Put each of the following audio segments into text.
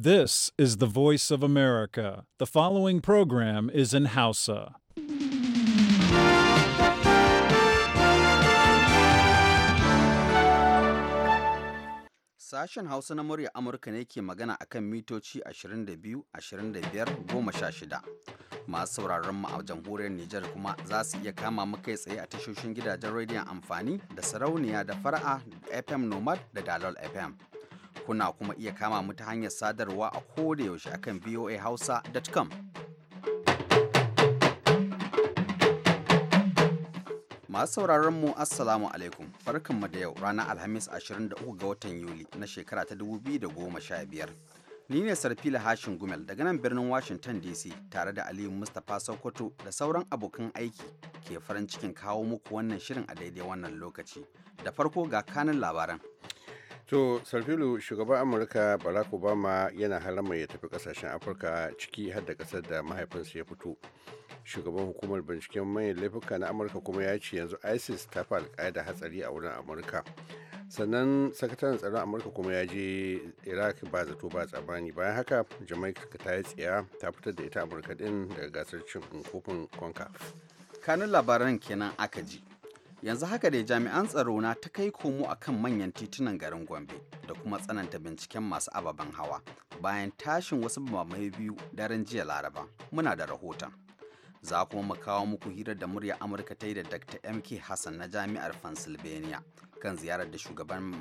This is the voice of America. The following program is in Hausa. Sashen Hausa na murya Amurka ne ke magana akan mitoci 22, 25, 16. Masu sauraron mu a jamhuriyar Nijar kuma za su iya kama mu kai tsaye a tashoshin gidajen rediyon amfani da sarauniya da fara'a da FM Nomad da Dalol FM. Kuna kuma iya kama mu ta hanyar sadarwa a koda yaushe akan voahausa.com. Masu sauraron mu Assalamu alaikum. mu da yau ranar Alhamis 23 ga watan Yuli na shekara ta 2015. Ni ne Sarfila Hashin Gumel daga nan birnin Washington DC tare da Aliyu Mustapha Sokoto da sauran abokan aiki ke farin cikin kawo muku wannan shirin a daidai wannan lokaci. Da farko ga kanin labaran. To, Sarfilu shugaban Amurka Barack Obama yana halama ya tafi kasashen Afirka ciki har da kasar da mahaifinsa ya fito. Shugaban hukumar binciken manyan laifuka na Amurka kuma ya ce yanzu ISIS ta fi alƙaida hatsari a wurin Amurka. Sannan sakataren tsaron Amurka kuma ya je Iraq ba zato ba tsabani bayan haka Jamaica ta yi tsiya ta fitar da ita Amurka din daga gasar cin kofin kwanka Kanun labaran kenan aka ji. yanzu haka dai jami'an tsaro na ta kai komo a kan manyan titunan garin gombe da kuma tsananta binciken masu ababen hawa bayan tashin wasu mamaye biyu daren jiya laraba muna da rahoton za kuma mu kawo muku hirar da murya amurka ta yi da dr mk hassan na jami'ar pennsylvania kan ziyarar da shugaban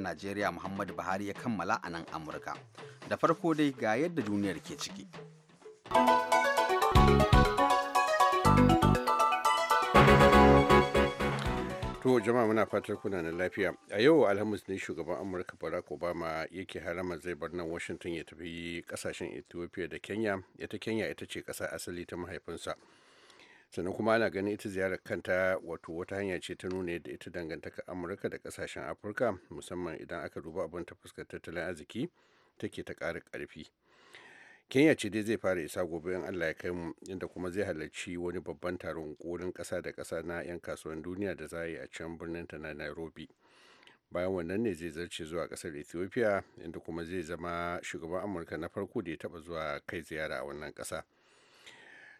najeriya muhammadu buhari ya kammala a nan amurka da farko dai ga yadda duniyar ke ciki To jama'a muna fatar kuna na lafiya. A yau Alhamis ne shugaban Amurka Barack Obama yake harama zai bar nan Washington ya tafi kasashen Ethiopia da Kenya. Ita Kenya ita ce ƙasa asali ta mahaifinsa. Sannan kuma ana ganin ita ziyarar kanta wato wata hanya ce ta nuna yadda ita dangantaka Amurka da kasashen Afirka musamman idan aka duba abin ta fuskar tattalin arziki take ta ƙara ƙarfi. kenya ce dai zai fara isa gobe in allah ya kai mu inda kuma zai halarci wani babban taron kolin kasa da kasa na 'yan kasuwan duniya da za a yi a can birnin ta na nairobi bayan wannan ne zai zarce zuwa kasar ethiopia inda kuma zai zama shugaban amurka na farko da ya taba zuwa kai ziyara a wannan ƙasa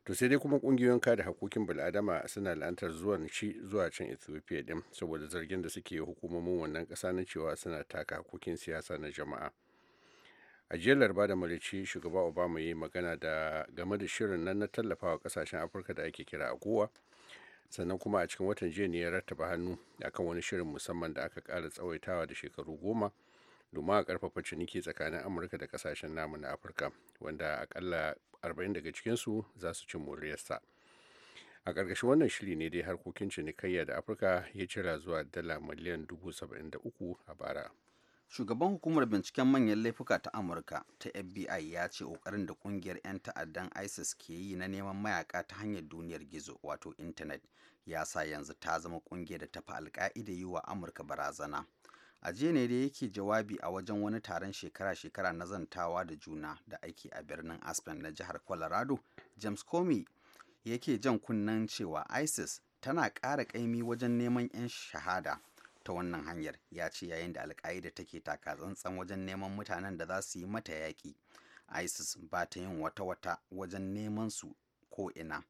to sai dai kuma kungiyoyin kada hakokin bil'adama suna la'antar zuwan shi zuwa can ethiopia din saboda zargin da suke hukumomin wannan ƙasa na cewa suna taka hakokin siyasa na jama'a a jiya ba da malici shugaba obama ya yi magana da game da shirin nan na tallafawa kasashen afirka da ake kira agowa sannan kuma a cikin watan jiya ne ya rattaba hannu akan wani shirin musamman da aka kara tsawaitawa da shekaru goma domin a karfafa ciniki tsakanin amurka da kasashen namu na afirka wanda akalla 40 daga cikinsu za su ci moriyarsa a ƙarƙashin wannan shiri ne dai harkokin cinikayya da afirka ya cira zuwa dala miliyan 73 a bara shugaban hukumar binciken manyan laifuka ta amurka ta fbi ya ce ƙoƙarin da ƙungiyar 'yan ta'addan isis ke yi na neman mayaka ta hanyar duniyar gizo wato intanet ya sa yanzu ta zama ƙungiyar da ta fi alka'ida yi wa amurka barazana a jiya ne da yake jawabi a wajen wani taron shekara-shekara na zantawa da juna da aiki a birnin aspen na jihar colorado james comey yake jan kunnen cewa isis tana ƙara ƙaimi wajen neman 'yan shahada ta wannan hanyar ya ce yayin da alka'ida take taka tsantsan wajen neman mutanen da za su yi mata yaƙi isis ba ta yin wata-wata wajen neman su ko ina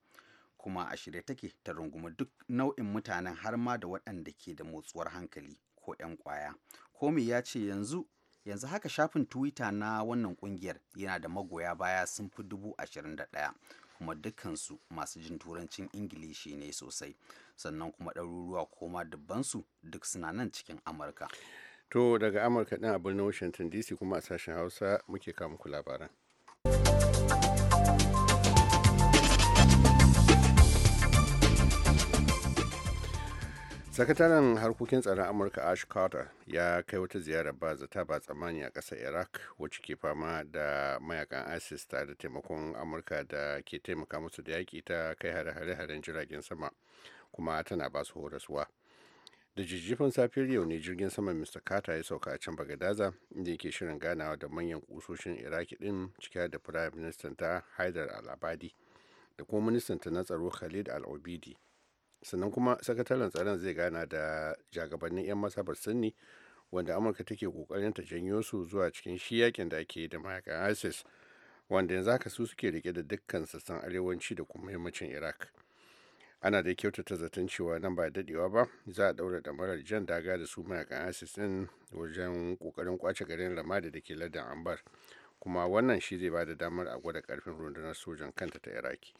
kuma a shirye take ta rungumi duk nau'in mutanen har ma da waɗanda ke da motsuwar hankali ko 'yan kwaya komi ya ce yanzu yanzu haka shafin twitter na wannan kungiyar yana da magoya baya sun fi dubu ashirin da ɗaya kuma dukkansu masu jin turancin ingilishi ne sosai sannan kuma ɗaruruwa koma dubbansu duk suna nan cikin amurka to daga amurka ɗin a birnin washington dc kuma a sashen hausa muke kamuku labaran sakataren harkokin tsaron amurka ash carter ya kai wata ziyara ba zata ba tsammani a ƙasar iraq wacce ke fama da mayakan isis tare da taimakon amurka da ke taimaka musu da yaƙi ta kai hare-haren jiragen sama kuma tana ba su horaswa da jijjifin safiyar yau ne jirgin sama mr carter ya sauka a can bagadaza inda yake shirin ganawa da manyan kusoshin iraki din cike da prime minister ta haidar al-abadi da kuma ministan ta na tsaro khalid al-obidi sannan kuma sakataren tsaron zai gana da jagabannin 'yan masabar sunni wanda amurka take kokarin ta janyo su zuwa cikin shi yakin da ake da mayakan isis wanda yanzu haka su suke rike da dukkan sassan arewanci da kuma yammacin iraq ana da kyautata zaton cewa nan ba dadewa ba za a daura damarar jan daga da su mayakan isis din wajen kokarin kwace garin ramadi da ke ladan ambar kuma wannan shi zai ba da damar a gwada karfin rundunar sojan kanta ta iraki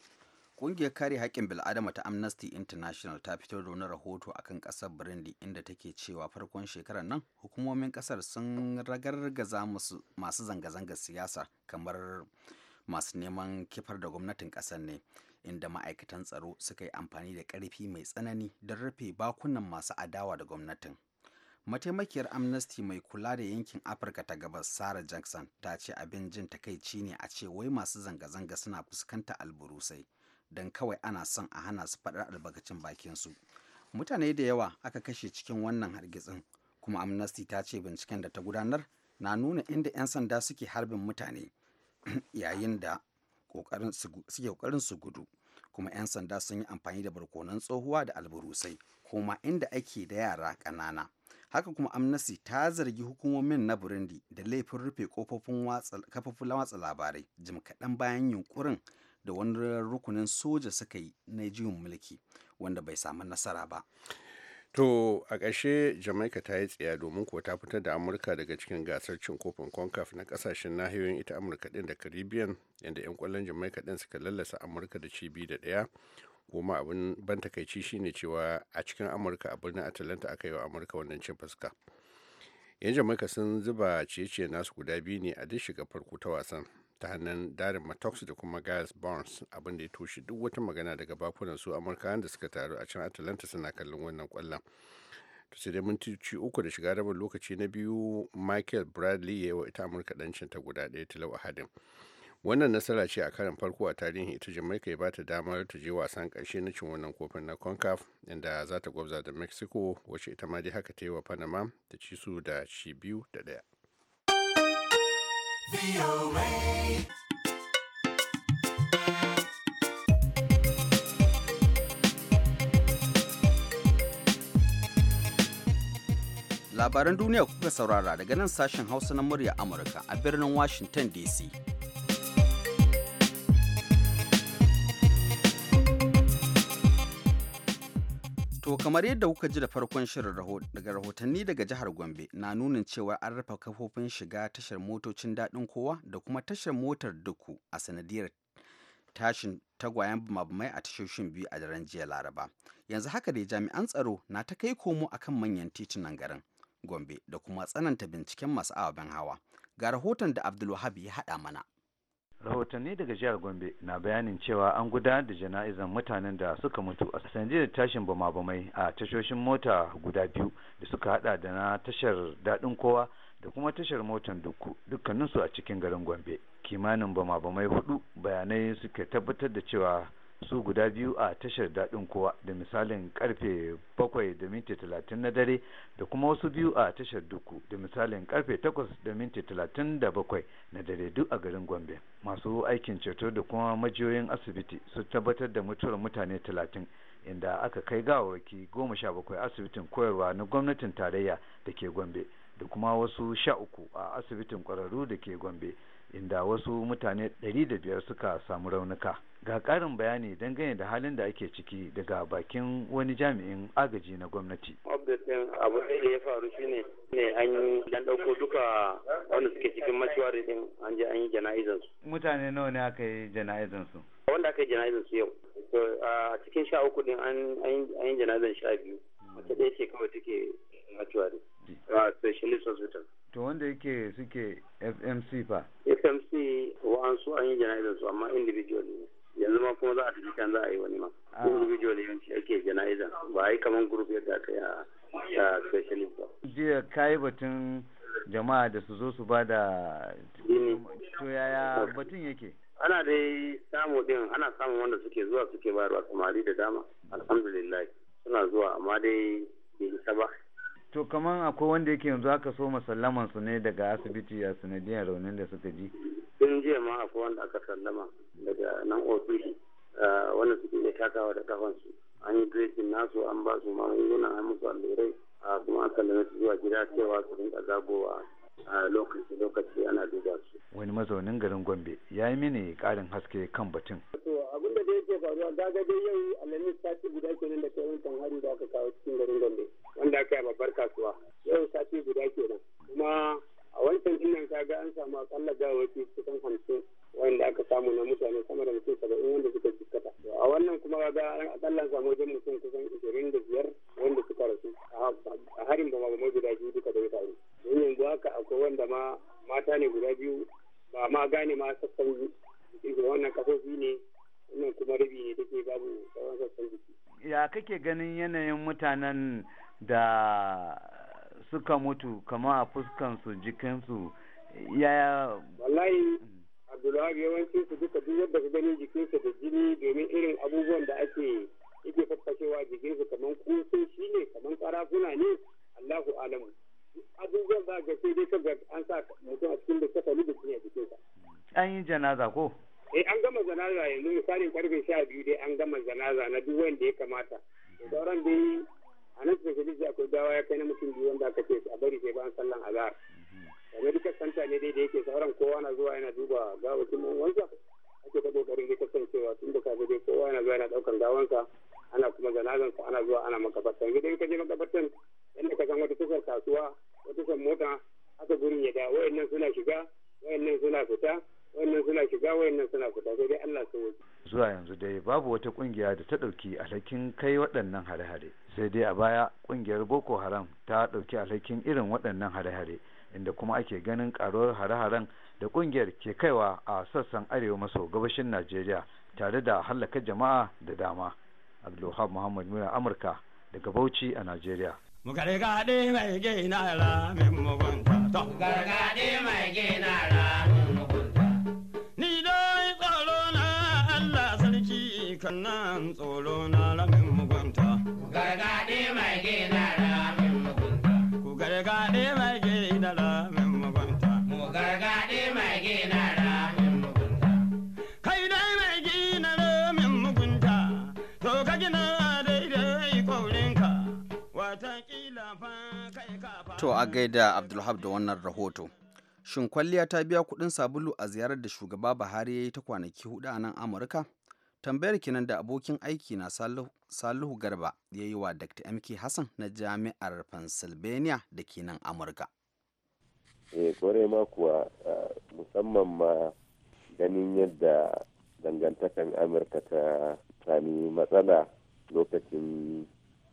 Ƙungiyar kare haƙƙin bil'adama ta Amnesty International ta fitar da wani rahoto akan ƙasar Burundi inda take cewa farkon shekarar nan hukumomin ƙasar sun ragargaza masu zanga-zangar siyasa kamar masu neman kifar da gwamnatin ƙasar ne inda ma'aikatan tsaro suka yi amfani da ƙarfi mai tsanani don rufe bakunan masu adawa da gwamnatin. mataimakiyar amnesty mai kula da yankin afirka ta gabas sarah jackson ta ce abin jin takaici ne a ce wai masu zanga-zanga suna fuskanta alburusai don kawai ana son a hana su faɗar albarkacin bakinsu mutane da yawa aka kashe cikin wannan hargitsin kuma amnesty ta ce binciken da ta gudanar na nuna inda 'yan sanda suke harbin mutane yayin da suke kokarin su gudu kuma 'yan sanda sun yi amfani da barkonan tsohuwa da alburusai kuma inda ake da yara ƙanana haka kuma amnesty ta zargi hukumomin na burundi da laifin rufe kafofin watsa labarai jim kaɗan bayan yunkurin da wani rukunin soja suka yi na juyin mulki wanda bai samu nasara ba to a ƙarshe jamaica ta yi tsaya domin kuwa ta fitar da amurka daga cikin gasar cin kofin concaf na ƙasashen nahiyoyin ita amurka ɗin da caribbean inda 'yan kwallon jamaika ɗin suka lallasa amurka da cibi da ɗaya kuma abin ban takaici shine cewa a cikin amurka a birnin atlanta aka yi wa amurka wannan cin fuska yan jamaika sun zuba ciye-ciye nasu guda biyu ne a duk shiga farko ta wasan ta hannun darin Matox da kuma gas Barnes abin da ya toshe duk wata magana daga bakunan su Amurka da suka taru a can Atlanta suna kallon wannan kwallon. To sai dai mintoci uku da shiga rabin lokaci na biyu Michael Bradley ya yi wa ita Amurka ɗancin ta guda ɗaya talau a hadin. wannan nasara ce a karin farko a tarihin ita jamaica ya ba ta damar ta je wasan karshe na cin wannan kofin na concaf inda za ta gwabza da mexico wacce ita ma dai haka ta yi wa panama ta ci su da ci biyu da ɗaya Labaran duniya kuka saurara daga nan sashen Hausa na murya Amurka a birnin Washington DC. To kamar yadda kuka ji da farkon shirin daga rahotanni daga jihar Gombe na nunin cewa an rufe kafofin shiga tashar motocin daɗin kowa da kuma tashar motar duku a sanadiyar tashin tagwayen mabumai a tashoshin biyu a daren jiya Laraba. Yanzu haka dai jami'an tsaro na ta kai komo akan manyan titunan garin Gombe da kuma tsananta binciken masu ababen hawa. Ga rahoton da Abdulwahab ya haɗa mana. rahotanni daga jihar gombe na bayanin cewa an gudanar da jana'izan mutanen da suka mutu a sanadiyar tashin bama a tashoshin mota guda biyu da suka hada da na tashar daɗin kowa da kuma tashar motan dukku dukkaninsu a cikin garin gombe kimanin bama-bamai hudu bayanai suke tabbatar da cewa su guda biyu a tashar daɗin kowa da misalin karfe bakwai na dare da kuma wasu biyu a tashar duku da misalin karfe takwas da na dare duk a garin gombe masu aikin ceto da kuma majiyoyin asibiti su tabbatar da mutuwar mutane 30 inda aka kai gawarki goma sha bakwai asibitin koyarwa na gwamnatin tarayya da ke gombe da kuma wasu sha uku a asibitin kwararru da ke gombe inda wasu mutane 500 suka samu raunuka ga ƙarin bayani dangane da halin da ake ciki daga bakin wani jami'in agaji na gwamnati. Obdatin abu da ya faru shi ne ne an dan ɗauko duka wanda suke cikin mashiwari din an je an yi jana'izansu. Mutane nawa ne aka yi jana'izansu? Wanda aka yi jana'izansu yau. A cikin sha uku din an yi jana'izan sha biyu. Hmm. Wata ɗaya ce kawai take mashiwari. A specialist hospital. to wanda yake suke fmc fa fmc wa'ansu an yi jana'izar su amma individual ne yanzu ma kuma za a tafi can za a yi wani ma ah. individual yanci ake jana'izar ba a yi kamar group yadda aka yi a specialist ba jiya kayi batun jama'a da su zo su ba da to yaya batun yake ana dai samu din ana samun wanda suke zuwa suke bayarwa samari da dama alhamdulillah suna zuwa amma dai bai isa ba to kaman akwai wanda yake yanzu aka so musallaman su ne daga asibiti a sanadiyar raunin da suka ji in jiya ma akwai wanda aka sallama daga nan ofishi eh, wanda suke iya takawa da kafansu an yi dressing nasu an ba su magunguna an musu allurai a ah, kuma an sallame su zuwa gida cewa su rinka zagowa ah, lokaci lokaci ana duba su wani mazaunin garin gombe ya yi mini karin haske kan batun abin da yake faruwa gaga dai yau alhamis sati guda kenan da kai wancan hari da aka kawo cikin garin gombe wanda aka yi babbar kasuwa yau sati guda kenan kuma a wancan dinnan kaga an samu akalla gawawaki kusan hamsin wanda aka samu na mutane sama da mutum saba'in wanda suka jikkata a wannan kuma ga akalla samu wajen mutum kusan mutanen da suka mutu kama a fuskansu jikinsu yaya wallahi abdullahi yawancin su duka duk yadda su gani jikinsu da jini domin irin abubuwan da ake ike faffashewa jikinsu kamar kusoshi ne kamar karafuna ne allahu alamu abubuwan za ga sai dai ga an sa mutum a cikin da kalli da jini a jikinsa an yi janaza ko eh an gama janaza yanzu misalin karfe sha biyu dai an gama janaza na duk wanda ya kamata da sauran dai a nan specialist akwai dawa ya kai na mutum biyu wanda aka ce a bari sai bayan sallan azhar mhm. kamar duka santa ne dai da yake sauran kowa na zuwa yana duba gawakin wansa ake ta kokarin dai kasancewa tun da kafin dai kowa yana zuwa yana daukan gawansa ana kuma zanazansa ana zuwa ana makabartan gidan ka je makabartan yadda ka san wata tukar kasuwa wata tukar mota haka gurin ya dawo wayannan suna shiga wayannan suna fita wannan suna shiga wayannan suna fita sai dai Allah sun zuwa yanzu dai babu wata kungiya da ta dauki alhakin kai waɗannan hare-hare sai dai a baya kungiyar boko haram ta ɗauki alhakin irin waɗannan hare-hare inda kuma ake ganin ƙaruwar hare-haren da kungiyar ke kaiwa a sassan arewa maso gabashin najeriya tare da hallaka jama'a da dama abdulwahab muhammad mura amurka daga bauchi a najeriya mai gina ra min mugunta. mai gina ra mai mai gina ramin mugunta. Kai dai mai gina ramin mugunta, to ka gina daidai kaurinka, watakila fa kai kafa. To a gaida Abdulhab da wannan rahoto. Shin kwalliya ta biya kuɗin sabulu a ziyarar da shugaba Buhari ya yi ta kwanaki hudu a nan Amurka? tambayar kinan da abokin aiki na salihu garba ya yi wa dr mk hassan na jami'ar pennsylvania da ke nan amurka eh kwarai ma kuwa musamman ma ganin yadda dangantakan amurka ta sami matsala lokacin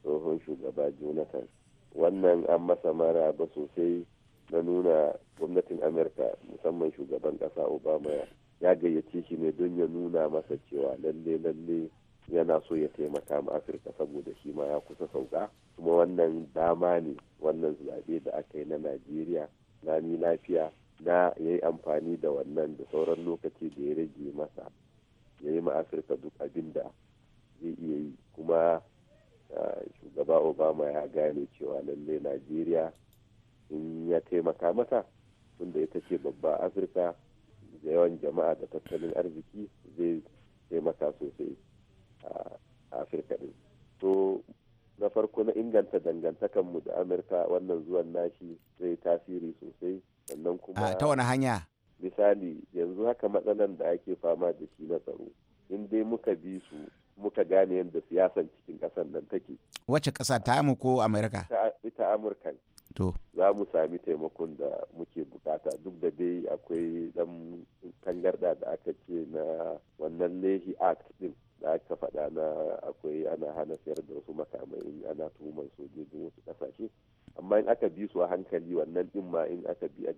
tsohon shugaba jonathan wannan an masa mara ba sosai na nuna gwamnatin amurka musamman shugaban ƙasa obama ya gayyace shi ne don ya nuna masa cewa lalle lalle yana so ya taimaka ma afirka saboda shi ma ya kusa sauka kuma wannan dama ne wannan zaɓe da aka yi na najeriya na ni lafiya na ya yi amfani da wannan da sauran lokaci da ya rage masa ya yi ma afirka duk abin da zai iya yi kuma shugaba obama ya gane cewa lalle najeriya in ya taimaka mata tunda ita ce babba afirka da yawan jama'a da tattalin arziki zai taimaka sosai a afirka din to na farko na inganta dangantakanmu da amurka wannan zuwan nashi zai tasiri sosai sannan kuma ta wani hanya misali yanzu haka matsalan da ake fama da shi na tsaro in dai muka bi su muka gane yadda siyasan cikin ƙasar nan take wacce ƙasa ta ko amurka ita amurka za mu sami taimakon da muke bukata duk da dai akwai dan kangarda da aka ce na wannan lehi act din da aka faɗa na akwai ana hana sayar da wasu makamai ana tuhumar sojojin wasu ƙasashe amma in aka bi su a hankali wannan din ma in aka bi a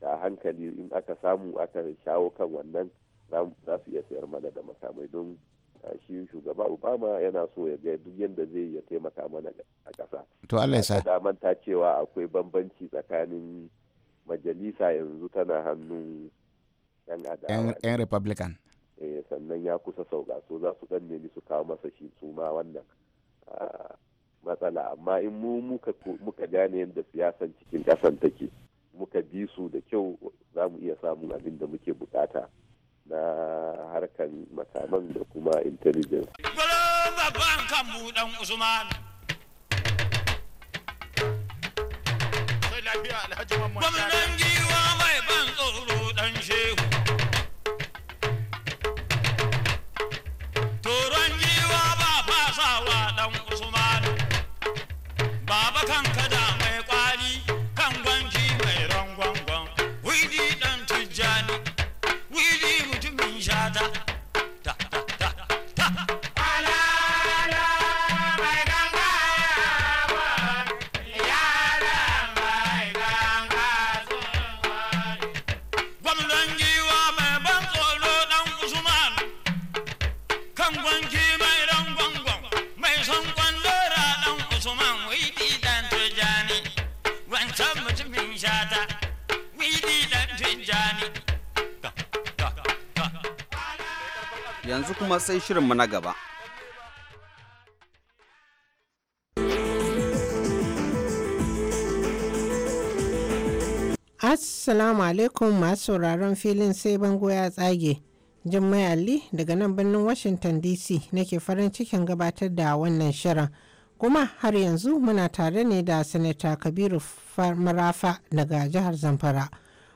da a hankali in aka samu aka shawo kan wannan za su iya sayar mana da makamai don shi shugaba obama yana so ya ga duk yadda zai ya taimaka mana a ƙasa to allah ya sa manta cewa akwai bambanci tsakanin majalisa yanzu tana hannun yan republican eh, sannan ya kusa sauka so za su dan su kawo masa shi su ma wannan matsala amma in mu muka gane yadda siyasan cikin ƙasan take muka bi su da kyau za mu iya samun abin da muke bukata na harkan makaman da kuma ɗan intelligence. babban kan buɗan Usman. Gwamnan kuma sai shirinmu na gaba. Assalamu alaikum masu sauraron filin sai bango ya tsage. Jummai Ali daga nan birnin Washington DC nake farin cikin gabatar da wannan shirin. Kuma har yanzu muna tare ne da Sanata Kabiru Marafa daga jihar Zamfara,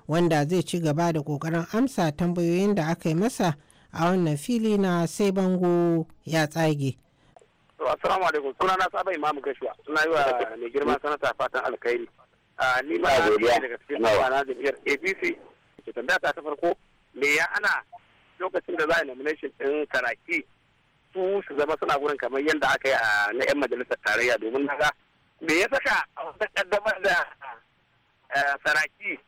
wanda zai ci gaba da ƙoƙarin amsa tambayoyin da aka yi masa a wannan fili na sai bango ya tsage. Assalamu alaikum suna na saba imamu gashuwa suna yi wa mai girma sanata fatan alkhairi. Ni ma daga cikin na jam'iyyar APC ke tambaya ta farko me ya ana lokacin da za a nomination ɗin karaki su su zama suna gurin kamar yadda aka yi a na 'yan majalisar tarayya domin na me ya saka a wata ƙaddamar da saraki eh,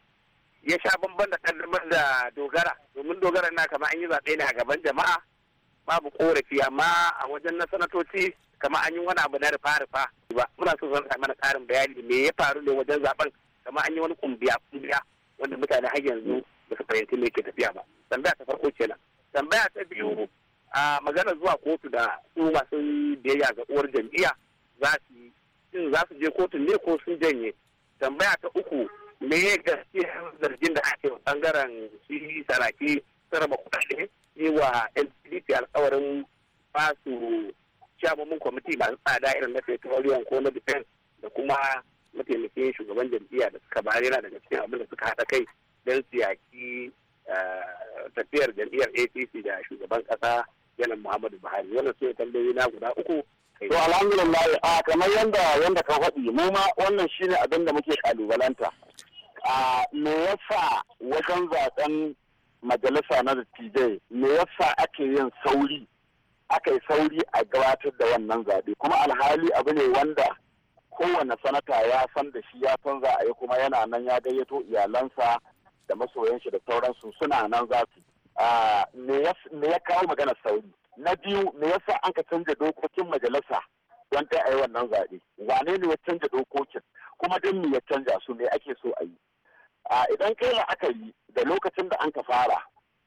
ya sha bamban da kaddamar da dogara domin dogara na kama an yi zaɓe ne a gaban jama'a babu korafi amma a wajen na sanatoci kama an yi wani abu na rufa rufa ba muna so zan mana ƙarin bayani me ya faru ne wajen zaben kama an yi wani kumbiya kumbiya wanda mutane har yanzu ba su fahimci me ke tafiya ba tambaya ta farko kenan tambaya ta biyu a magana zuwa kotu da su masu biyayya ga uwar jam'iyya za su je kotu ne ko sun janye tambaya ta uku me gaskiya zargin da ake bangaren shi saraki sarrafa kuɗaɗe yi wa lpdp alkawarin ba su shamomin kwamiti masu tsada irin na petroleum ko na defense da kuma mataimakin shugaban jam'iyya da suka bayar daga cikin abin da suka haɗa kai don siyaki eh, tafiyar jam'iyyar apc da shugaban ƙasa yanar muhammadu buhari wannan su tambayoyi na guda uku To alhamdulillah a kamar yanda yanda ka faɗi mu ma wannan shine abin da muke kalubalanta. A me yasa wajen zaben majalisa na dattijai me yasa ake yin sauri aka yi sauri a gabatar da wannan zaɓe kuma alhali abu ne wanda kowane sanata ya san da shi ya san za a yi kuma yana nan ya gayyato iyalansa da masoyan shi da sauransu suna nan za su me ya kawo maganar sauri na biyu me yasa an ka canza dokokin majalisa don ta a yi wannan zaɓe wane ne ya canza dokokin kuma don me ya canza su me ake so a yi a idan kai la'akari da lokacin da an ka fara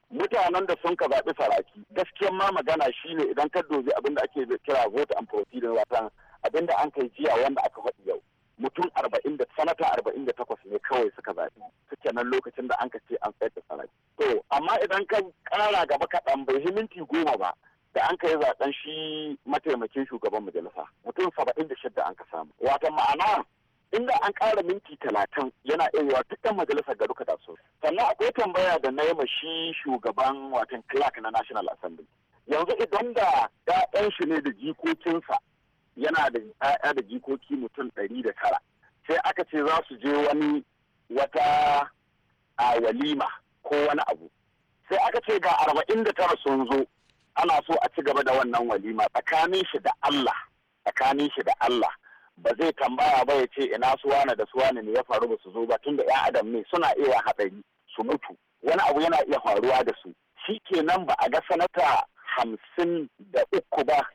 mutanen da sun ka zaɓi saraki gaskiyan ma magana shine idan ka dozi abin da ake kira vote and proceeding wata abin da an kai jiya wanda aka faɗi yau mutum arba'in da sanata arba'in da takwas ne kawai suka zaɓi suke nan lokacin da an ka ce an tsayar da saraki to amma idan ka ƙara gaba kaɗan bai minti goma ba da an kai zaɓen shi mataimakin shugaban majalisa mutum saba'in da shidda an ka samu wata ma'ana inda an ƙara minti talatin yana iya dukkan majalisa ga duka so sannan akwai tambaya da na yi shi shugaban watan clark na national assembly yanzu idan da yayan shi ne da jikokinsa yana da ɗaya da jikoki mutum ɗari da tara sai aka ce za su je wani wata a walima ko wani abu sai aka ce ga arba'in da tara sun zo ana so a ci gaba da wannan walima tsakanin shi da Allah tsakanin shi da Allah ba zai tambaya ba ya ce ina na da suwa ne ya faru ba su zo ba tunda ya adam ne suna iya hatsari su mutu wani abu yana iya faruwa da su shi kenan ba a ga sanata hamsin da uku ba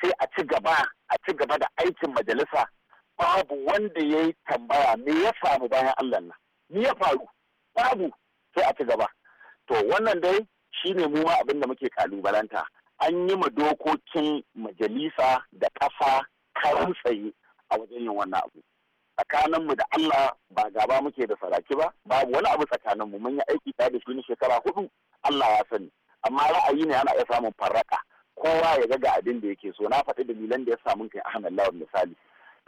sai a ci gaba a ci gaba da aikin majalisa babu wanda ya yi tambaya me ya samu bayan Allah nan me ya faru babu sai a ci gaba to wannan dai shine mu ma abin da muke kalubalanta an yi ma dokokin majalisa da ƙasa karan tsaye a wajen yin wannan abu tsakaninmu da Allah ba gaba muke da saraki ba babu wani abu tsakaninmu mun yi aiki tare da shi ne shekara hudu Allah ya sani amma ra'ayi ne ana iya samun farraka kowa ya ga ga abin da yake so na faɗi dalilan da ya samu kai Ahmad lawan misali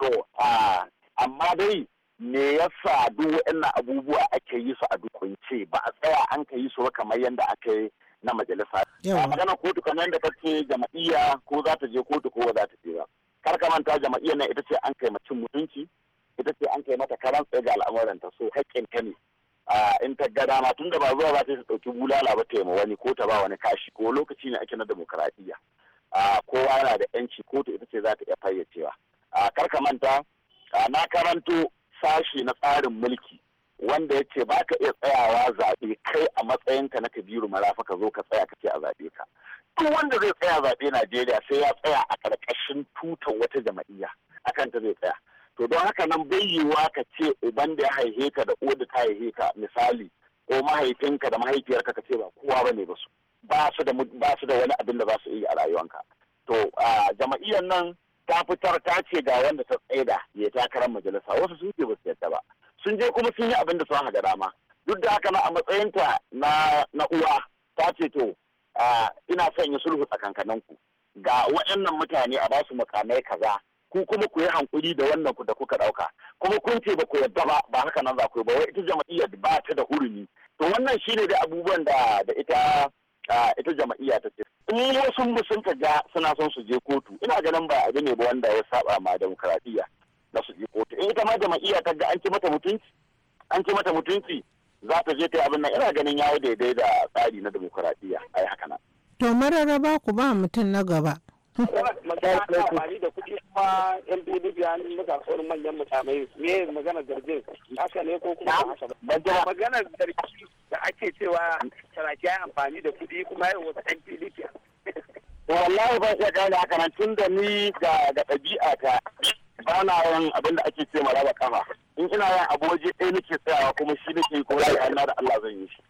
to ah, amma dai me yasa duk waɗannan abubuwa ake yi su a dukunce ba a tsaya an ka yi su kamar yadda aka yi na majalisa. Yawa. Magana kotu kamar yadda kace jama'iyya ko za ta je kotu ko za ta je ba. Kar ka manta jama'iyyar na ita ce an kai mutum mutunci ita ce an kai mata karan tsaye ga al'amuran ta so haƙƙin ta ne. in ta ga dama tun da ba zuwa ba ta ɗauki bulala ba ta yi wani ko ta ba wani kashi ko lokaci ne ake na demokaradiyya. kowa yana da 'yanci kotu ita ce za ta iya fayyacewa. Kar ka manta na karanto sashi na tsarin mulki wanda ya ce ba ka iya tsayawa zaɓe kai a matsayinka na kabiru marafa ka zo ka tsaya kake a zaɓe ka duk wanda zai tsaya zaɓe najeriya sai ya tsaya a ƙarƙashin tutar wata jama'iyya akan ta zai tsaya to don haka nan bai yiwuwa ka ce uban da ya haife ka da oda da ta haihe ka misali ko mahaifinka da mahaifiyarka ka ce ba kowa ba ne ba su ba su da wani abin da za su iya a rayuwanka to jama'iyyar nan ta fitar ta ce ga wanda ta tsaida ya takarar majalisa wasu sun ce ba yadda ba sun je kuma sun yi abin da sun haga dama duk da haka na a matsayinta na na uwa ta ce to ina son yi sulhu ku ga waɗannan mutane a basu makamai kaza ku kuma ku yi hankuri da wannan ku da kuka dauka kuma kun ce ba ku yadda ba ba haka nan za ku yi ba wai ita jama'iyya ba ta da hurumi to wannan shine da abubuwan da da ita ita jama'iyya ta ce in wasu mu sun ga suna son su je kotu ina ganin ba abu ne ba wanda ya saba ma demokradiyya na su je kotu in ita ma jama'iyya ta ga an ci mata mutunci an ci mata mutunci za ta je ta yi abin nan ina ganin yi daidai da tsari na a ai haka nan to mararraba ku ba mutum na gaba da kuɗi kuma yan pdp an muka saurin manyan mutane me magana zargin haka ne ko kuma haka magana zargin da ake cewa sarki ya amfani da kuɗi kuma yau wasu yan pdp wallahi ba sai kai haka nan tun da ni ga ga ɗabi'a ta ba na yin abin da ake ce ma raba kafa in ina yin abu waje ɗaya nake tsayawa kuma shi nake kora ya Allah da Allah zan yi shi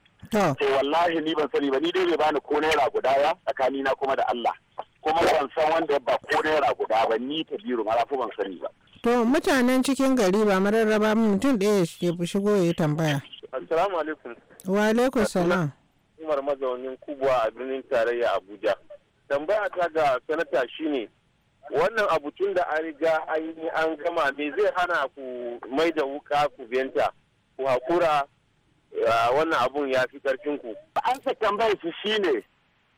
to wallahi ni ban sani ba ni dai bai bani ko naira guda ya tsakanina kuma da Allah kuma ban san wanda ba ko naira guda ba ni ta biyu marafa ban sani ba. To mutanen cikin gari ba mararraba mutum ɗaya ke shigo ya tambaya. Assalamu alaikum. Wa alaikum salam. Umar mazaunin Kubwa a birnin tarayya Abuja. Tambaya ta ga sanata shine wannan abu tun da an riga an an gama me zai hana ku mai da wuka ku biyanta ku hakura wannan abun ya fi karfin ku. An sa tambayar su shine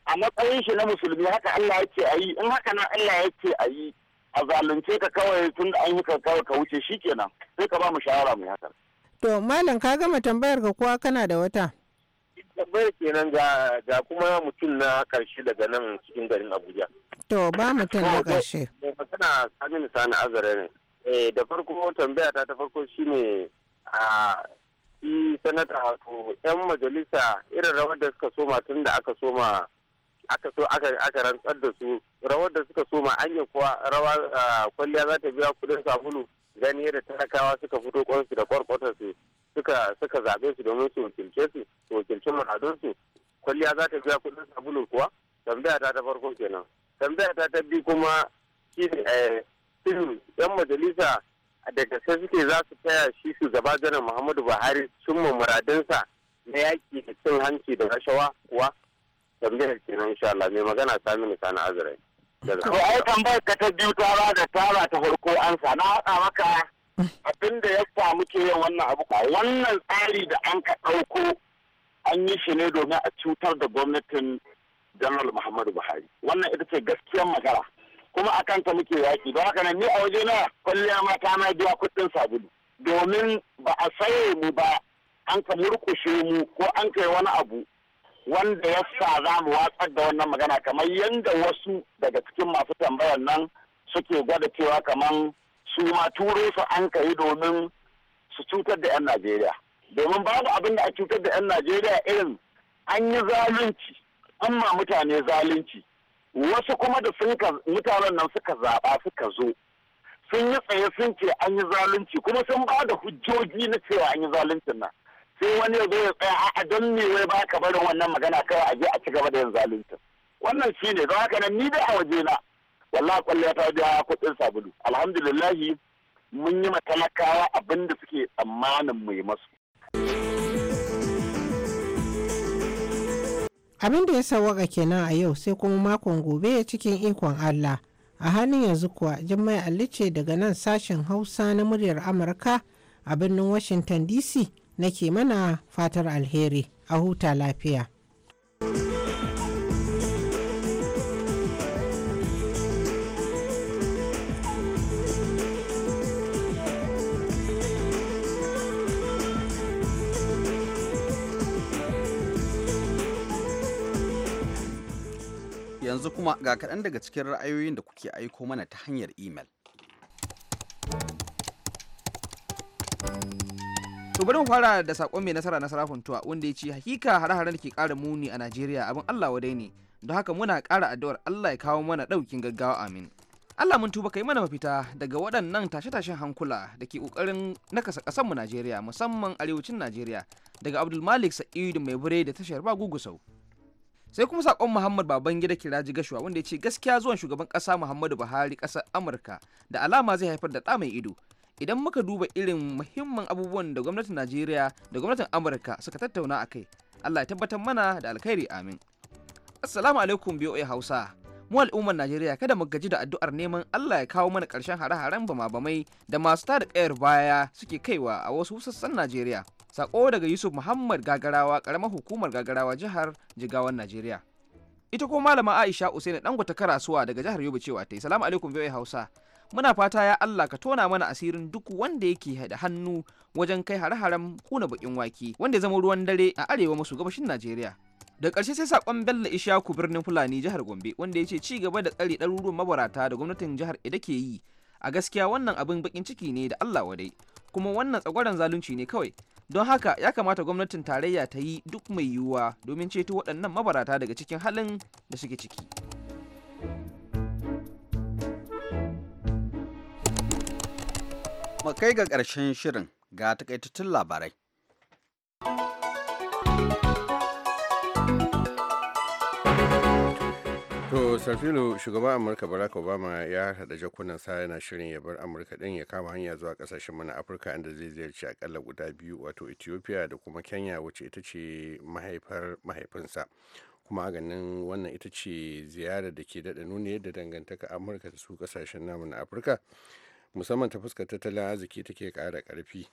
a matsayin shi na musulmi haka Allah yake a yi in haka nan Allah yake a yi a zalunce ka kawai tun da an yi ka ka wuce shikenan sai ka ba mu shawara mu haka to malam ka gama tambayar ka kuwa kana da wata tambayar kenan ga ga kuma mutum na karshe daga nan cikin garin Abuja to ba mutum na karshe kana eh, Saminu Sani Azare ne eh da farko tambaya ta ta farko shine a sanata wato yan majalisa irin rawar da suka soma tun da aka soma aka so aka rantsar da su rawar da suka soma anya kuwa rawa kwalliya za ta biya kudin sabulu gani da talakawa suka fito kwansu da su suka suka zaɓe su domin su wakilce su su wakilci muradunsu kwalliya za ta biya kudin sabulu kuwa tambaya ta ta farko kenan tambaya ta ta bi kuma shi eh, shin yan majalisa da gaske suke za su taya shi shugaba janar muhammadu buhari cimma muradinsa na yaki da cin hanci da rashawa kuwa tambayar kenan insha Allah mai magana ta Sani azra To ai tambayar ka ta biyu ta ba da tara ta farko an sa na haɗa maka abin da ya samu ke yin wannan abu wannan tsari da an ka ɗauko an yi shi ne domin a cutar da gwamnatin general Muhammadu Buhari wannan ita ce gaskiyar magana kuma a kanta muke yaƙi don haka nan ni a waje na kwalliya mata na biya kuɗin sabulu domin ba a saye mu ba an ka murƙushe mu ko an kai wani abu wanda ya sa za mu watsar da wannan magana kamar yadda wasu daga cikin masu tambayar nan suke gwada cewa kamar su ma turo su an kai domin su cutar da 'yan Najeriya. Domin babu abin da a cutar da 'yan Najeriya irin an yi zalunci, an ma mutane zalunci. Wasu kuma da mutanen nan suka zaɓa suka zo. Sun yi tsaye sun ce an yi zalunci kuma sun ba da hujjoji na cewa an yi zaluncin nan. sai wani ya zo ya tsaya a don me wai ba ka barin wannan magana kawai a je a ci gaba da yin zalunci wannan shi ne don haka nan ni dai a waje na wallahi kwalliya ta biya kuɗin sabulu alhamdulillahi mun yi matalakawa abin da suke tsammanin mu yi masu. Abin da ya sawaka kenan a yau sai kuma makon gobe ya cikin ikon Allah. A hannun yanzu kuwa Jummai Ali ce daga nan sashen Hausa na muryar Amurka a birnin Washington DC. nake mana fatar alheri a huta lafiya. yanzu kuma ga kaɗan daga cikin ra'ayoyin da kuke aiko mana ta hanyar imel. to bari mu fara da sakon mai nasara na sarafin tuwa wanda ya ce hakika hare-hare da ke kara muni a najeriya abin allah wadai ne don haka muna kara addu'ar allah ya kawo mana ɗaukin gaggawa amin allah mun tuba kai mana mafita daga waɗannan tashe-tashen hankula da ke ƙoƙarin nakasa ƙasanmu najeriya musamman arewacin najeriya daga abdul malik sa'idu mai bure da tashar sau sai kuma sakon muhammad baban gida kiraji gashuwa wanda ya ce gaskiya zuwan shugaban ƙasa muhammadu buhari kasar amurka da alama zai haifar da ɗa mai ido idan muka duba irin muhimman abubuwan da gwamnatin najeriya da gwamnatin amurka suka tattauna a kai allah ya tabbatar mana da alkhairi amin assalamu alaikum biyo hausa mu al'ummar najeriya kada mu gaji da addu'ar neman allah ya kawo mana karshen hare-haren bama-bamai da masu tada kayar baya suke kaiwa a wasu sassan najeriya sako daga yusuf muhammad gagarawa karamar hukumar gagarawa jihar jigawan najeriya ita ko malama aisha usaini dangwata karasuwa daga jihar yobe cewa ta yi salamu alaikum biyo hausa muna fata ya Allah ka tona mana asirin duk wanda yake da hannu wajen kai hare-haren kuna bakin wake wanda ya zama ruwan dare a arewa maso gabashin Najeriya. Da ƙarshe sai saƙon Bello Ishaku birnin Fulani jihar Gombe wanda ya ce ci gaba da tsare ɗaruruwan mabarata da gwamnatin jihar Edo ke yi a gaskiya wannan abin bakin ciki ne da Allah wadai kuma wannan tsagwaron zalunci ne kawai don haka ya kamata gwamnatin tarayya ta yi duk mai yiwuwa domin ceto waɗannan mabarata daga cikin halin da suke ciki. mu kai ga ƙarshen shirin ga takaitattun labarai. To Sarfilo shugaban Amurka Barack Obama ya haɗa jakunan sa yana shirin ya bar Amurka ɗin ya kama hanya zuwa ƙasashen mana Afirka inda zai ziyarci aƙalla guda biyu wato Ethiopia da kuma Kenya wacce ita ce mahaifar mahaifinsa. kuma ganin wannan ita ce ziyarar da ke daɗa nuna yadda dangantaka amurka da su ƙasashen namu na afirka musamman ta fuskar tattalin arziki take kara karfi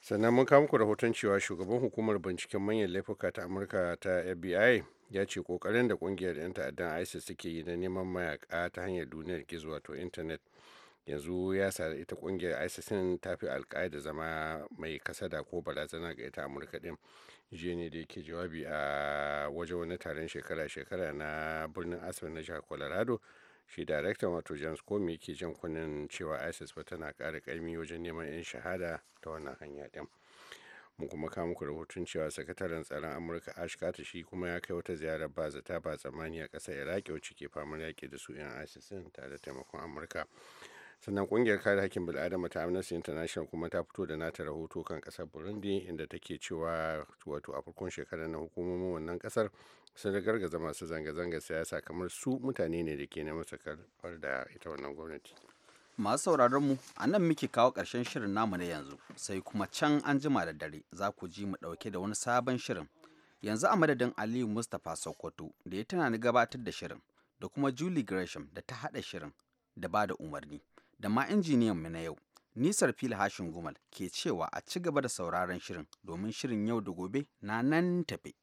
sannan mun kawo rahoton cewa shugaban hukumar binciken manyan laifuka ta amurka ta fbi ya ce kokarin da kungiyar 'yan ta'addan isis suke yi na neman mayaka ta hanyar duniyar gizo wato intanet yanzu ya sa ita kungiyar isis ta fi alkaida zama mai kasada ko barazana ga ita amurka din jiya ne da yake jawabi a wajen wani taron shekara-shekara na birnin asibiti na jihar colorado shi daraktan wato james komi ke jan kunnen cewa isis ba tana kara karmi wajen neman 'yan shahada ta wannan hanya din mu kuma kawo muku rahoton cewa sakataren tsaron amurka ash kata shi kuma ya kai wata ziyarar ba zata ba tsammani a ƙasar iraki wacce ke famar yaƙi da su 'yan isis tare da taimakon amurka sannan kungiyar kare hakkin bil'adama ta amnesty international kuma ta fito da nata rahoto kan kasar burundi inda take cewa wato a farkon shekarar na hukumomin wannan kasar sun gargaza masu zanga-zanga siyasa kamar su mutane ne da ke na karbar da ita wannan gwamnati masu sauraron mu a nan muke kawo karshen shirin namu na yanzu sai kuma can an jima da dare za ku ji mu ɗauke da wani sabon shirin yanzu a madadin aliyu mustapha sokoto da ya tana gabatar da shirin da kuma julie gresham da ta haɗa shirin da ba da umarni da ma injiniyan mu na yau. Nisar fili hashin gumal ke cewa a ci gaba da sauraron shirin domin shirin yau da gobe na nan tafe.